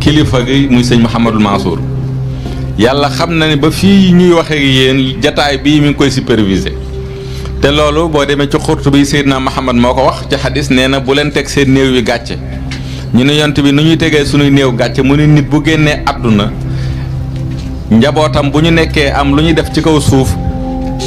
kilifa gi muy sëñ Mouhamadul Mansour yàlla xam na ne ba fii ñuy waxee yéen jataay bii mi ngi koy superviser te loolu boo demee ci xurtu bi Seydina Mouhamad moo ko wax ci xadis nee na bu leen teg seen néew yi gàcce ñu ne yont bi nu ñuy tegee suñuy néew gàcce mu ne nit bu génnee àdduna njabootam bu ñu nekkee am lu ñuy def ci kaw suuf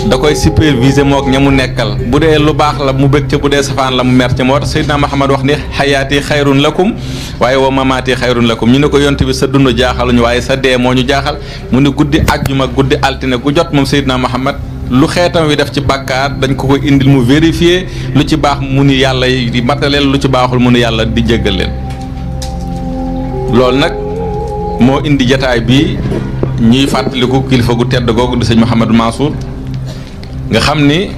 da koy superviser moo ña mu nekkal bu dee lu baax la mu bëgg ca bu dee safaan la mu mer ca moo tax Seydina Muhammad wax ni xayaati xayrun lakum waaye wa mamaati xayrun lakum ñu ne ko yont bi sa dund jaaxaluñu waaye sa dee moo ñu jaaxal mu ne guddi àjjuma guddi altine gu jot moom Seydina Muhammad lu xeetam wi def ci bàkkaar dañ ko koy indil mu vérifier lu ci baax mu ni yàlla di mataleel lu ci baaxul mu ni yàlla di jéggal leen loolu nag moo indi jataay bi ñuy fàttaliku kilifa gu tedd googu di sëñ nga xam ni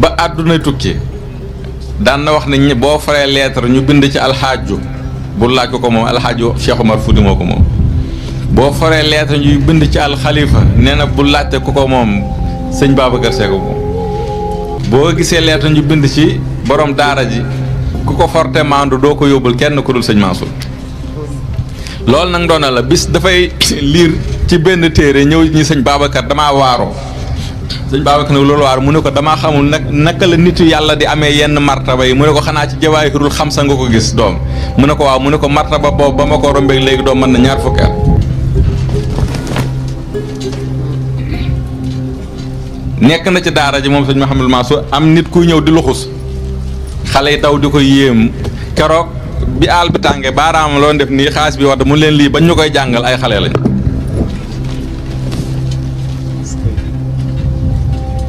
ba àdduna tukki daan na wax ne boo faree lettre ñu bind ci alxaaju bu laaj ko ko moom alxaaju Cheikh Omar Fouti moo ko moom boo faree lettre ñuy bind ci alxalifa nee na bu laajte ko ko moom sëñ Babacar Seck moom boo gisee lettre ñu bind ci borom daara ji ku ko forte maandu doo ko yóbbul kenn ku dul sëñ Mansour loolu nag doona la bis dafay liir ci benn téré ñew ñi señ babakar dama waro señ babakar ne lolu war mu ne ko dama xamul nak naka la nitu yalla di amé yenn martaba yi mu ne ko xana ci jawahirul khamsa nga ko gis dom mu ne ko waaw mu ne ko martaba bob ba ko rombeeg léegi doom na ñaar fukki at na ci daara ji mom señ masso am nit ku ñew di luxus xalé taw di bi aal bi tàngee baaraam loon def ni xaalis bi wad mu len li bañ ñukoy jangal ay xalé lañ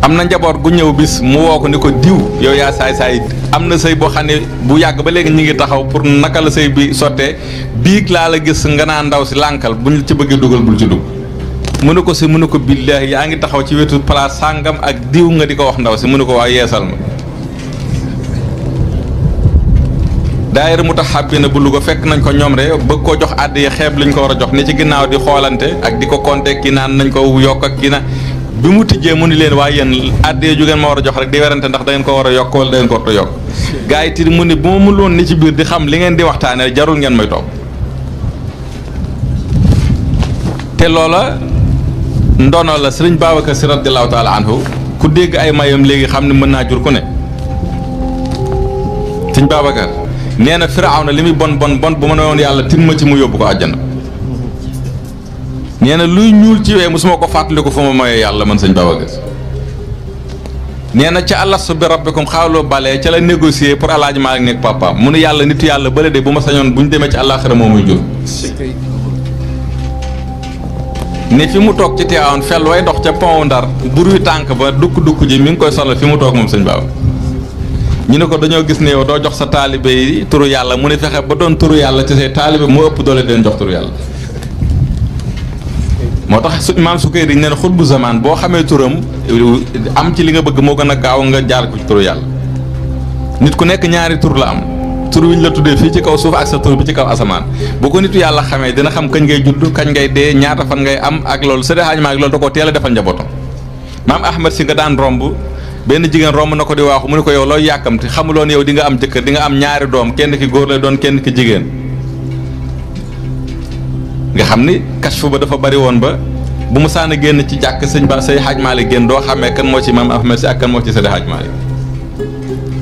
amna na gu ñew bis mu woko ko ni ko diw yow ya say say amna sey bo xane bu yag ba legi ñu ngi taxaw pour nakala sey bi sottee bi laa la gis nga na ndaw si lànkal buñ ci bëggee dugal bu ci dugg mu ne ko si mu ne ko ngi taxaw ci wetu place sangam ak diw nga di wax ndaw si mu ne ko yeesal ma daayira mutahabbina bu lu na bu fekk nañ ko ñom re bëgg ko jox àdd yi xeeb ko wara jox ni ci di xolante ak diko konté ki naan nañ ko yok ak ki na bi mu tijjee mu ni leen waaye yéen addee ju ngeen ma war a jox rek di werante ndax da ngeen war a yokk wala da ngeen ko war a yokk gars yi ti mu ni bu ma mën woon ni ci biir di xam li ngeen di waxtaanee jarul ngeen may toog te loola ndono la sëriñ Babacar Si radiyallaahu taala anhu ku dégg ay mayam léegi xam ne mën naa jur ku ne sëriñ Babacar nee na Firawna li muy bon bon bon bu ma ne woon yàlla tin ma ci mu yóbbu ko àjjana nee na luy ñuul ci wee mosuma ko fàttaliku fu ma moyee yàlla man sëñ Babacar nee na ca alas bi rabbikum xaaloo balee ca la négocier pour alaaji maa nekk papa mu ne yàlla nitu yàlla bële de bu ma sañoon bu ñu demee ci àllaaxira moo muy jur ne fi mu toog ci Tiwaawan fel way dox ca pont Ndar buru tànk ba dukk dukk ji mi ngi koy solal fi mu toog moom sëñ Babacar ñu ne ko dañoo gis ne yow doo jox sa taalibe yi turu yàlla mu ne fexe ba doon turu yàlla ci say taalibe moo ëpp doole den jox yàlla moo tax maam su koy dañ ne xut bu zamaan boo xamee turam am ci li nga bëgg moo gën a gaaw nga jaar ko ci turu yàlla nit ku nekk ñaari tur la am tur wi ñu la tuddee fii ci kaw suuf ak sa tur bi ci kaw asamaan bu ko nitu yàlla xamee dina xam kañ ngay judd kañ ngay dee ñaata fan ngay am ak loolu sa dexaaj maa ngi loolu da koo teel a defal njabootam maam Ahmed si nga daan romb benn jigéen romb na ko di waaxu mu ne ko yow looy yàkkamti xamuloo yow di nga am jëkkër di nga am ñaari doom kenn ki góor lay doon kenn ki jigéen nga xam ni kashfu ba dafa bari woon ba bu mu saana génn ci jàkk sëñ ba say xaaj Maalik génn doo xamee kan moo ci Imaam Ahmed si ak kan moo ci Seydi Xaaj Maalik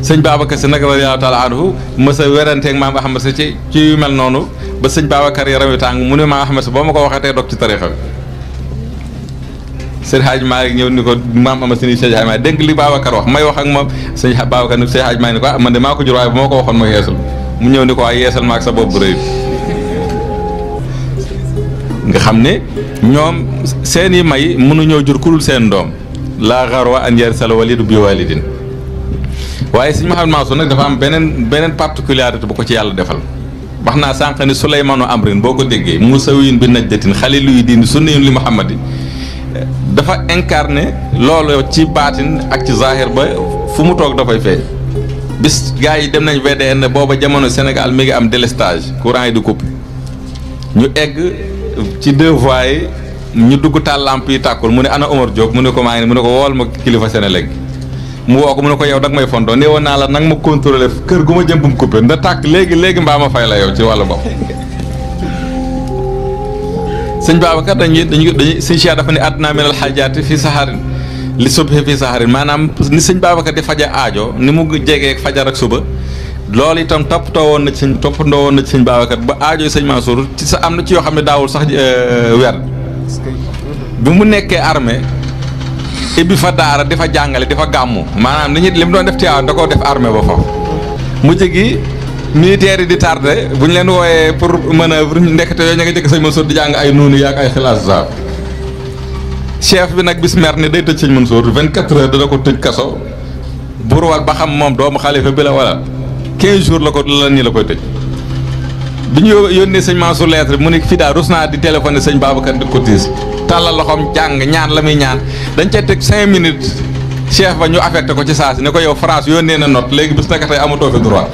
sëñ nag radiyallaahu taala anhu mës a weranteeg Maam Ahmed si ci ci mel noonu ba sëñ Babacar yaram wi tàng mu ne Maam Ahmed si boo ma ko waxatee dog ci tariixa bi sëñ ñëw ni ko maam ama sini sëñ Hadj Malick dégg li Babacar wax may wax ak moom sëñ Babacar ni sëñ Hadj Malick ni ko ah maa ko jur waaye bu ma ko waxoon ma yeesal mu ñëw ni ko waaye yeesal ma ak sa bopp bu nga xam ne ñoom seen i may mënuñoo jur kulul seen doom laa xarwa an yarsala walidu bi walidin waaye sëñ Mouhamed Mansour nag dafa am beneen beneen particularité bu ko ci yàlla defal wax naa ni Souleymanu Amrin boko ko déggee musawiyin bi najdatin xalilu yi diin li Muhammad dafa incarné lolo ci baatin ak ci zahir ba fu mu toog dafay fee bis gars yi dem nañ VDN booba jamono Sénégal mi ngi am délestage courant yi di coupé ñu egg ci deux voies ñu dugg ta lampe yi takul mu ne ana Omar Diop mu ne ko maa ngi mu ne ko wol ma kilifa Senelec mu woo ko mu ne ko yow dag may fondo nee woon la nak ma contrôler keur guma jëm bu coupé nda tak légui légui mba ma fay la yow ci walu bop sëñ baba ka dañuy dañuy sëñ Cheikh dafa ni adna min hajat fi saxaarin li subhi fi saxaarin manam ni baba ka di faja ajo? ni mu jégué fajar ak suba loolu itam toppatoo woon na ci sëñ toppandoo woon na ci sëñ Babacar ba aajo sëñ Mansour ci sa am na ci yoo xam ne daawul sax euh, weer bi mu nekkee armée ibbi fa daara di fa jàngale di fa gàmmu maanaam li ñu li mu doon def Tiwaawan da koo def armée ba foofu mu gi militaire yi di tardé bu ñu leen wooyee pour manœuvre ndekete yooyu ña nga jëkk sëñ Mansour di jàng ay nuunu yaak ay xilaas saab chef bi nag bis mer ni day tëj vingt Mansour 24 heures dana ko tëj kaso buur wal ba xam moom doomu xalifa bi la 15 jours la ko la ni la koy tëj bi ñu yónnee Mansour lettre mu ne Fida rus naa di téléphoné seigne Babacar de cotis tiis loxom jang ñaan lamay ñaan dañ ca tek 5 minutes cheikh ba ñu affecté ko ci sas ne ko yow France yónnee na note léegi bis naka tey amatoo fi droit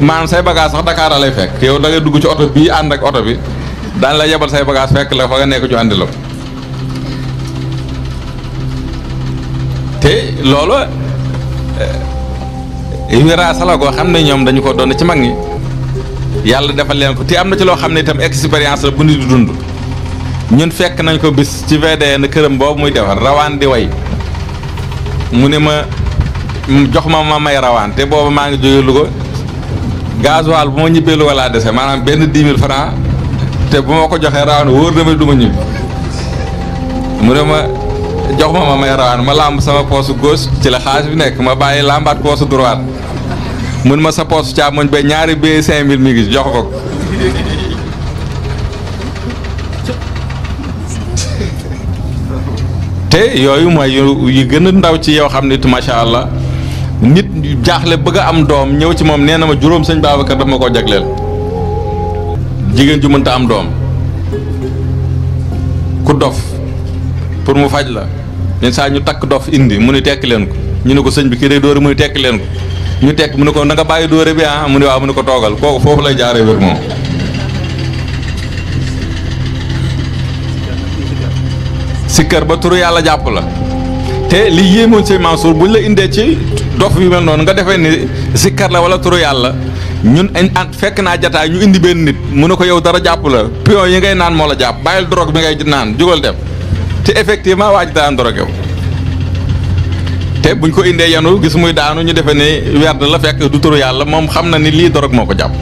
man say bagage sax Dakar lay fek yow da ngay dugg ci auto bi and ak auto bi dañ la yebal say bagage fek la fa nga nek ñu andilo té lolo wiraasa la goo xam ne ñoom dañu ko doon ci mag ñi yàlla defal leen ko ti am na ci loo xam ne itam expérience la bu nit di dund ñun fekk nañ ko bis ci na këram boobu muy defar rawaan di way mu ne ma jox ma ma may rawaan te boobu maa ngi jóge ko gasoil bu ma ñibbee Louga laa dese maanaam benn dix mille francs te bu ma ko joxee rawaan wóor na ma du ma ñibbi jox ma ma may rawaan ma làmb sama poosu gauche ci la xaalis bi nekk ma bàyyi làmbaat poosu droite mun ma sa poosu càmmoñ ba ñaari bee cinq mille mi ngi jox ko. te yooyu mooy yu gën ndaw ci yow xam nit macha allah nit jaaxle bëgg am doom ñëw ci moom nee na ma juróom sëñ Babacar daf ma koo jagleel jigéen ju mënta am doom ku dof pour mu faj la yenn saa ñu takk dof indi mu ni tekki leen ko ñu ne ko sëñ bi kii day dóore mu ni tekk leen ko ñu tekk mu ne ko nanga bàyyi dóore bi ah mu ne waaw mu ko toogal kooku foofu lay jaaree wér moom. sikkar ba turu yàlla jàpp la te lii li yéemoon sëñ bu ñu la indee ci dof bi mel noonu nga defee ni sikkar la wala turu yàlla ñun an fekk naa jataay ñu indi benn nit mu ne ko yow dara jàpp la pion yi ngay naan moo la jàpp bàyyil drogue bi ngay naan jógal dem. te effectivement waa ji daan doro wu te buñ ko indee yanu gis muy daanu ñu defee ne werd la fekk du turu yàlla moom xam na ni lii dorog moo ko jàpp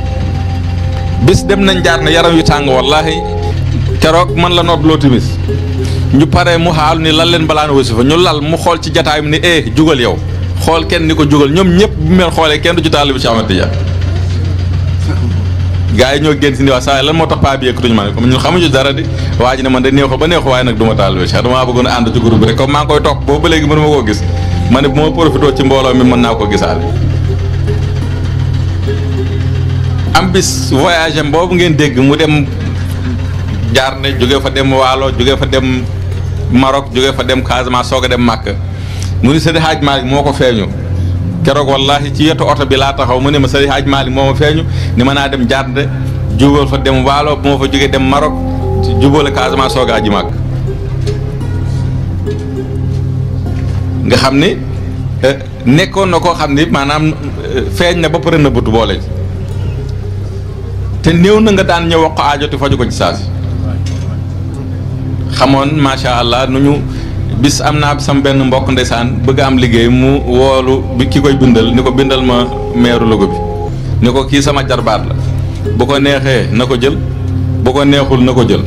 bis dem nañ jaar ne yaram yu tàng wallaahi keroog man la nodd loo timis ñu pare mu xaalu ni lal leen balaa balaan wasifa ñu lal mu xool ci jataay mi ni eh jugal yow xool kenn ni ko jugal ñoom ñëpp bu mel xoolee kenn du ci taalibu ci Ahmed Tidiane gaa yi ñoo génn si ni waa saa lan moo tax paa yëkkatuñu ma ne ko ñun xamuñu dara di waa ji ne man de neexu ba neexu waaye nag du taal bi a ànd ci groupe bi rek koy topp boobu léegi mënu ma koo gis ma ne bu ma profité ci mbooloo naa ko gisaale am bis voyage am boobu ngeen dégg mu dem jaar ne jóge fa dem waalo jóge fa dem Maroc jóge fa dem Casamance soog a dem Màkk mu ni Seydi Hadj Malick moo ko feeñu keroog wallahi ci yetu oto bi laa taxaw mu ne ma sëriñ Hadj Malick moo ma feeñu ni ma naa dem jàdd jubal fa dem waalo bu ma fa jógee dem Maroc jubal Casamance soog a nga xam ni eh, nekkoon na ko xam ni maanaam eh, feeñ na ba pare na bëtu boole te néew na nga daan ñëw wax ko aajoti faju ko ci saasi xamoon macha allah nu ñu. bis am naa sama benn mbokk ndeysaan bëgg am liggéey mu woolu bi ki koy bindal ni ko bindal ma meeru Louga bi ni ko kii sama jarbaat la bu ko neexee na ko jël bu ko neexul na ko jël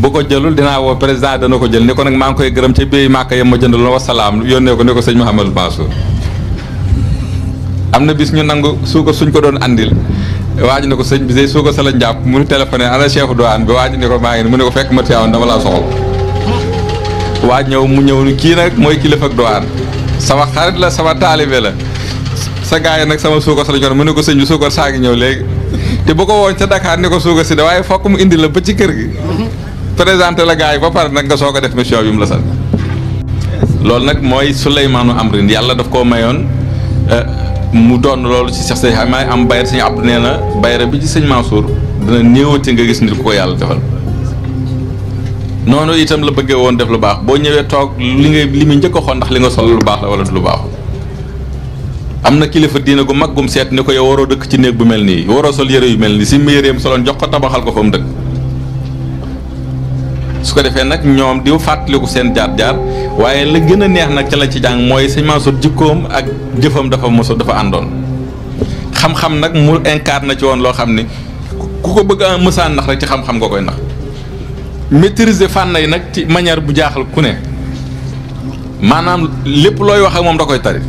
bu ko jëlul dinaa woo président dana ko jël ni ko nag maa ngi koy gërëm ca biir màkk yam ma jëndaloon wasalaam yónnee ko ne ko sëñ Mouhamadou Mansour am na bis ñu nangu suukar suñ ko doon andil waaj ne ko sëñ bi de suukar sa la njàpp mu téléphoné ana cheikh douane bi waaj ne ko maa ngi ne ko fekk ma teewoon dama laa soxal waa ñëw mu ñëw ni kii nag mooy kilifa ak duwaan sama xarit la sama taalibe la sa gars yi nag sama suukar sa la ñor mu ne ko sëñ bi suukar saa ngi ñëw léegi te bu ko woon ca dakaar ne ko suukar si de waaye fokk mu indi la ba ci kër gi présente la gars yi ba pare nag nga soo ko def mission bi mu la sant loolu nag mooy am Amrin yàlla daf koo mayoon eh, mu doon loolu ci Cheikh Seye xam am bayra sëñ Abdou nee na bayra bi ci sëñ Mansour dina néewati nga gis nit ku yàlla defal noonu itam la bëggee woon def lu baax boo ñëwee toog li nga li mu njëkk xool ndax li nga sol lu baax la wala du lu baaxul am na kilifa diina gu maggum seet ni ko yow waroo dëkk ci néeg bu mel nii waroo sol yére yu mel nii si mu yëreem soloon jox ko tabaxal ko fa mu dëkk su ko defee nag ñoom di fàttaliku seen jaar jaar waaye la gën a neex nag ci la ci jàng mooy sëñ Mansour jikkoom ak jëfam dafa moso dafa àndoon xam-xam nag mu incarné na ci woon loo xam ni ku ko bëgg a mësaan ndax rek ci xam-xam koy ndax maîtriser fànn yi nag ci manière bu jaaxal ku ne maanaam lépp looy wax ak moom da koy tari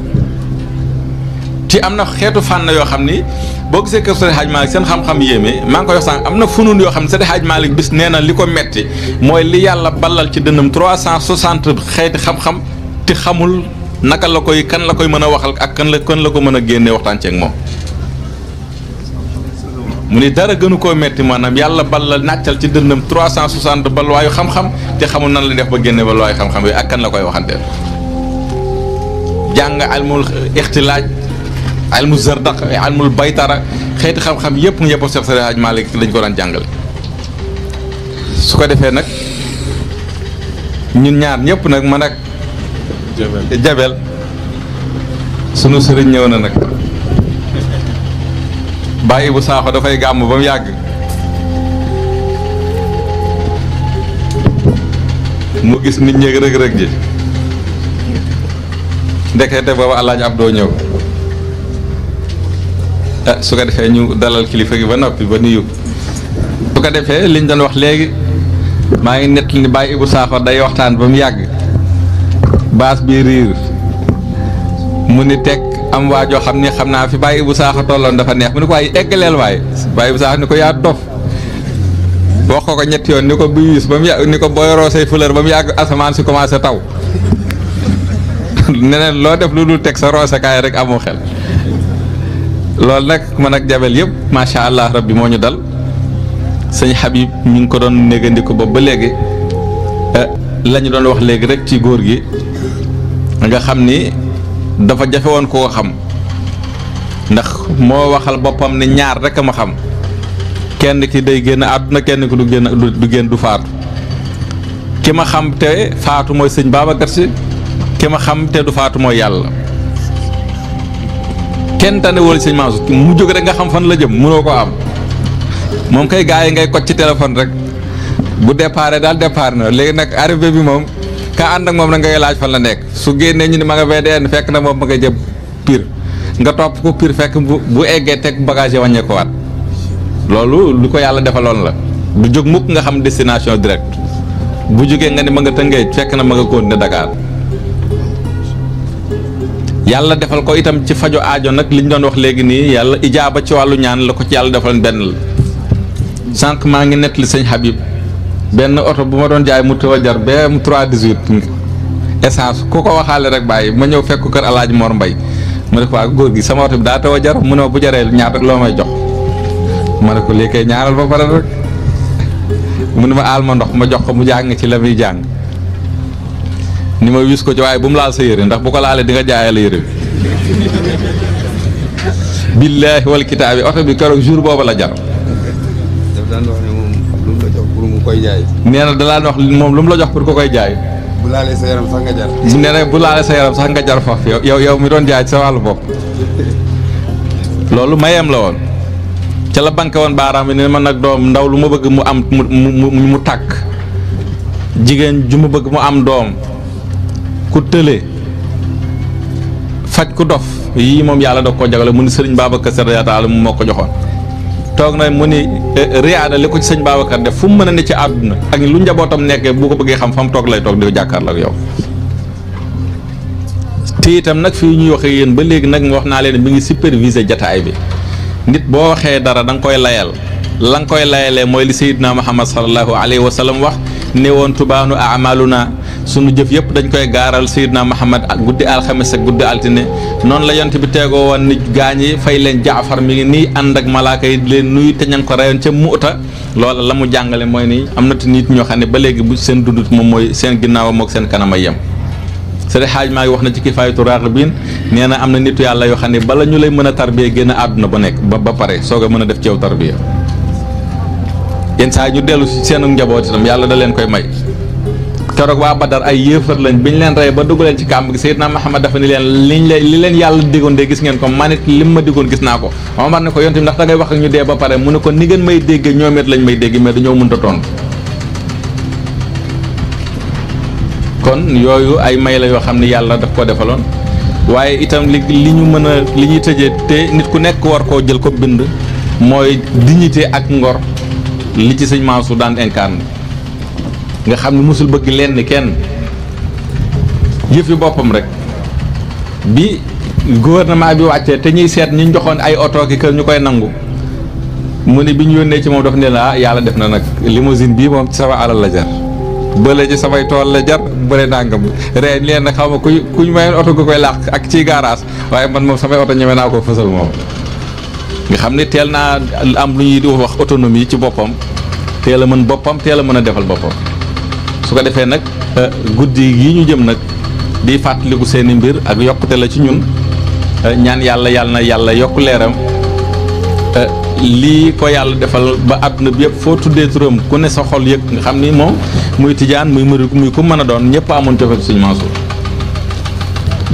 ti am na xeetu fànn yoo xam ni boo gisee kër Seydi Hadj Malick seen xam-xam yéeme maa ngi koy wax am na funun yoo xam ne Seydi maa Malick bis nee na li ko metti mooy li yàlla ballal ci dënnam trois cent soixante xeeti xam-xam ti xamul naka la koy kan la koy mën a waxal ak kan la kan la ko mën a génnee waxtaan ceeg moom. mu ni dara gënu koo metti maanaam yàlla bal la nàccal ci dëndam 360 balwaayu xam-xam te xamul nan la def ba génne balwaayu xam-xam yooyu ak kan la koy waxanteel jàng almul ixtilaaj almul zardaq almul baytara xeeti xam-xam yëpp yëpp Seex Seydi Hajji ko daan jàngale su ko defee nag ñun ñaar ñëpp nag man ak jabel sunu sëriñ ñëw na nag bàyyi bu saaxo dafay gàmm ba mu yàgg mu gis nit ñeeg rëg-rëg ji ndekete booba alaaj ab doo ñëw ah su ko defee ñu dalal kilifa gi ba noppi ba nuyu su ko defee liñ doon wax léegi maa ngi nett ni bàyyi Ibou Sakho day waxtaan ba mu yàgg baas bi riir mu ni teg am wa jo xamni xamna fi baye bu saaxa tolloon dafa neex muniko ne eggalel way baye bu sax niko ya dof wax ko ñet yon niko bu yiss bam ya niko boy ko fleur bam ya commencé taw lo def lu sa kay rek amu xel lol nak ma nak jabel ma sha allah rabbi moñu dal señ Habib ñu ko don néegandiku ba ba léegi eh, lañu don wax léegi rek ci gor gi nga xamni dafa jafe woon koo xam ndax moo waxal boppam ne ñaar rek a ma xam kenn ki day génn àdduna kenn ki du génn du génn du faatu ki ma xam te faatu mooy sëñ Babacar Si ki ma xam te du faatu mooy yàlla kenn tane wala sëñ Mansour mu jóg rek nga xam fan la jëm mënoo ko am moom kay gaa yi ngay koj ci téléphone rek bu départ daal départ na léegi nag arrivé bi moom. ka ànd ak moom na ngay laaj fan la nekk su génnee ñu ne ma nga VDN fekk na moom ma nga jëm pire nga topp ko piir fekk bu bu eggee teg bagage ko waat loolu lu ko yàlla defaloon la du jóg mukk nga xam destination direct bu jógee nga ne ma nga tëngee fekk na ma nga continuer Dakar yàlla defal ko itam ci fajo aajo nag li ñu doon wax léegi nii yàlla ijaaba ci wàllu ñaan la ko ci yàlla defal benn la sànq maa ngi nettali sëñ Habib. benn oto bu ma doon jaay mu taw a jar BM 318 essence ku ko waxaale rek bàyyi ma ñëw fekk kër Alaaji Mor Mbay ma ne ko waa góor gi sama oto bi daa taw jar mu ne bu jaree ñaata loo jox ma ne ko léegi kay ñaaral ba pare ne ma aal ma ndox ma jox ko mu jàng ci la muy jàng ni ma wis ko ci waaye bu mu laal sa yére ndax bu ko laalee di jaayal yére bi billaahi wal kitaabi oto bi keroog jour boobu la jar koy jaay nee na dalaa wax moom lu mu la jox pour ko koy jaay bu laalee sa yaram sax nga jar nee na bu laalee sa yaram sax nga jar faf yow yow mi jaay sa mayem la woon ca la banque woon baaraam bi man ndaw lu ma bëgg mu am mu mu mu tàkk jigéen ju ma bëgg mu am doom ku tële faj ku dof yii moom yàlla da ko mu ni Babacar toog na mu ni eh, eh, riyaada li ko ci sëñ Babacar def fu mu mën a ne ci àdduna ak lu njabootam nekkee bu ko bëggee xam fa toog lay toog di jàkkaarloo ak yow te itam nag fii ñuy waxee yéen ba léegi nag wax naa leen mi ngi superviser jataay bi nit boo waxee dara danga koy layal la nga koy layalee mooy li Seydina Muhammad sallallahu alayhi wa sallam wax ne woon tubaanu amaluna sunu jëf yëpp dañ koy gaaral Seydina Muhammad ak guddi alxames ak guddi altine noonu la yant bi teegoo woon ni gaañ yi fay leen jaafar mi ngi nii ànd ak malaaka yi leen nuyu te ña ngi ko reyoon ca muuta loola la mu jàngale mooy nii am na te nit ñoo xam ne ba léegi bu seen dundut moom mooy seen ginnaawam mook seen kanam ay yem sëriñ xaaj maa ngi wax na ci kifaayatu raaxibiin nee na am na nitu yàlla yoo xam ne bala ñu lay mën a tarbiyee génn àdduna ba nekk ba ba pare soog a mën a def ceew tarbiya yenn saa ñu dellu si seen njaboot itam yàlla da leen koy may keroog waa Badar ay yéefar lañ bi ñu leen rey ba dugg leen ci kàmb gi Seydina Muhammad dafa ni leen liñ lay li leen yàlla digoon de gis ngeen ko man it lim ma digoon gis naa ko Omar ne ko yonte bi ndax da ngay wax ak ñu dee ba pare mu ne ko ni ngeen may dégg ñoom it lañ may dégg mais dañoo mënta tontu kon yooyu ay may la yoo xam ne yàlla daf ko defaloon waaye itam li li ñu mën a li ñuy tëjee te nit ku nekk war koo jël ko bind mooy dignité ak ngor li ci sëñ Mansour daan incarné nga xam ne mosul bëgg lenn kenn yëfi boppam rek bi gouvernement bi wàccee te ñuy seet ñu joxoon ay oto ki kër ñu koy nangu mu ne bi ñu yónnee ci moom daf ne la ah, yàlla def na nag limousine bii moom ci sama alal la jar bële ci samay tool la jar bële nangam reen leen na xaw ma ku kuñ mayoon oto gu koy làq ak ci garage waaye man moom samay oto ñeme naa koo fësal moom nga xam ne teel naa am lu ñuy di wax autonomie ci boppam teel a mën boppam teel a mën a defal boppam su ko defee nag euh, guddi yi ñu jëm nag di fàttaliku seeni mbir ak yokkute la ci ñun euh, ñaan yàlla yàlla na yàlla yokk leeram euh, lii ko yàlla defal ba àdduna bi yëpp foo tuddee turam ku ne sa xol yëg nga xam ni moom muy tijaan muy murit muy ku mën a doon ñëpp amoon cofeel Sëñ Mansour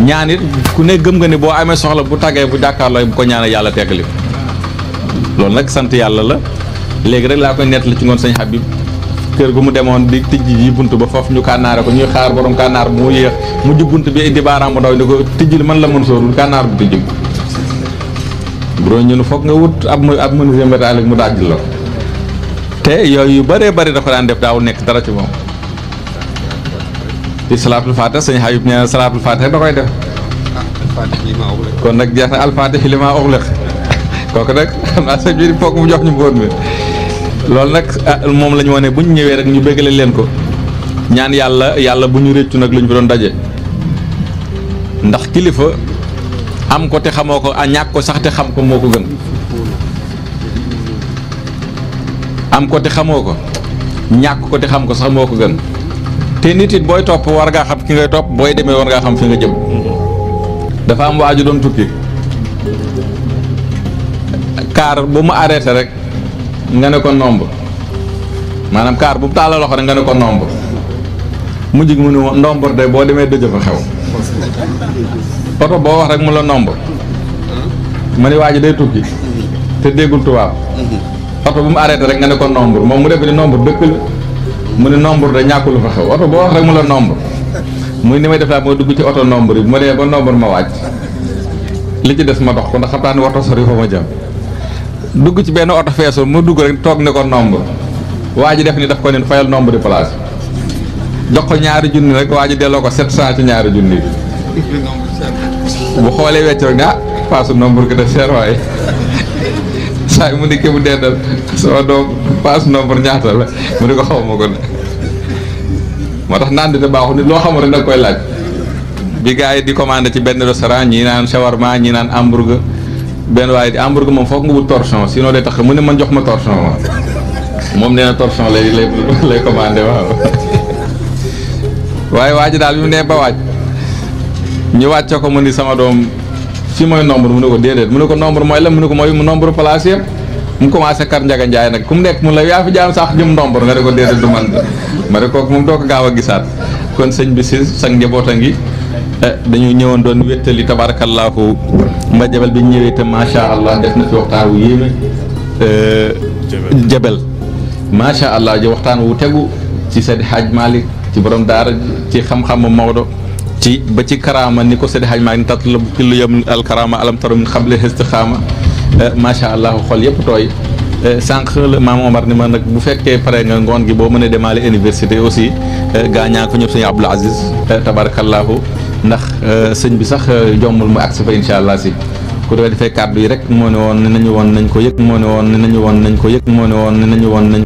ñaan it ku ne gëm nga ni boo amee soxla bu tàggee bu jàkkaarloo bu ko ñaanal yàlla teggali loolu nag sant yàlla la léegi rek laa koy nettali ci ngoon sëñ Habib kër gu mu démon di tijji yi buntu ba foofu ñu kànnaare ko ñuy xaar borom kanar mu yeex mu jub buntu bi indi baram bu daw ni ko tijjil man la mën soorul kanar bu tijjil bro ñu fokk nga wut ab ab mënu jëm métallique mu dajj la té yoy yu bëree bëri da ko daan def daawul nekk dara ci mom di salatul fatiha señ hayyub nee salatul salaatul fatiha da koy def kon nak jeex na alfatih li ma uxliq kooku nag xam naa sëñ bi foog mu jox ñu bon bi loolu nag ah, moom la wane bu ñu ñëwee rek ñu bëggale leen ko ñaan yàlla yàlla bu ñu réccu nag lu ñu fi doon daje ndax kilifa am ko te xamoo ko a ah, ñàkk ko sax te xam ko moo ko gën am ko xamoo ko ñàkk ko te xam ko sax moo ko gën te nit it booy topp war ngaa xam ki ngay topp booy demee war ngaa xam fi nga jëm dafa am waaju doon tukki kaar bu mu arrêté rek nga ne ko nomb manam kaar bu taala loxo nga ne ko nomb mujj mu ne ndomb de bo demé deje fa xew auto bo wax rek mu la nomb hmm? ma waji day tukki te déggul tuwa auto hmm. bu mu arrêté rek nga ne ko nombre mom mu def ni nombre la mu ne nombre de ñakul fa xew auto bo wax rek mu la nombre muy ni may def la mo dugg ci auto nombre yi bu ma ba nombre ma wacc li ci dess ma dox ko ndax xam wa ne sori fa ma jam dugg ci benn auto feesul mu dugg rek tok ne ko nombre waji def ni daf ko ne fayal nombre de place jox ko ñaari junni rek waji delo ko 700 ci ñaari junni bu xoolee wecc rek ah passe nombre ke da cher way say mu ne mu dendal so do passe nombre ñaata la mu ne ko xawma ko ne motax tax naan baxu baaxu nit loo xamul rek da koy laaj bi gaay di commander ci benn restaurant ñi naan shawarma ñi naan hamburger ben way di hamburger mom foog nga wut torchon sinon day tax mu ne man jox ma torsion mom neena torsion lay lay lay commander waaw way waaj dal bi ne ba waj ñu wàcce ko mu ni sama dom fi moy nombre mu ne ko dedet mu ne ko nombre moy la mu ne ko moy nombre place yëpp mu commencé kar ndaga njaay nak kum nek mu la yaa fi jaam sax ñum nombre nga ko dedet du man ma rek ko mu do ko gawa a kon señ bi sang njaboota eh, dañu ñewon doon wetali tabarakallahu ma jabel bi ñëwee te macha allah def na fi waxtaan wu euh, macha allah ji waxtaan wu tegu ci Seydi Hadj Malick ci borom daar ci xam-xamu Maodo ci ba ci karaama ni ko Seydi Hadj Malick tatlab kullu yawmin al karaama alam tara min qabli istiqaama euh, macha allah xol yëpp tooy. Euh, sànq la maam Omar ni ma nag bu fekkee pare nga ngoon gi boo mënee demaale université aussi gaañaa ko ñëpp suñu Abdul Aziz tabarakallahu ndax euh, sëñ bi sax euh, jombul mu agsi fa incha allah si ku defee defee kàddu yi rek moo ne woon ne nañu woon nañ ko yëg moo ne woon ne nañu woon nañ ko yëg moo ne woon ne nañu woon nañ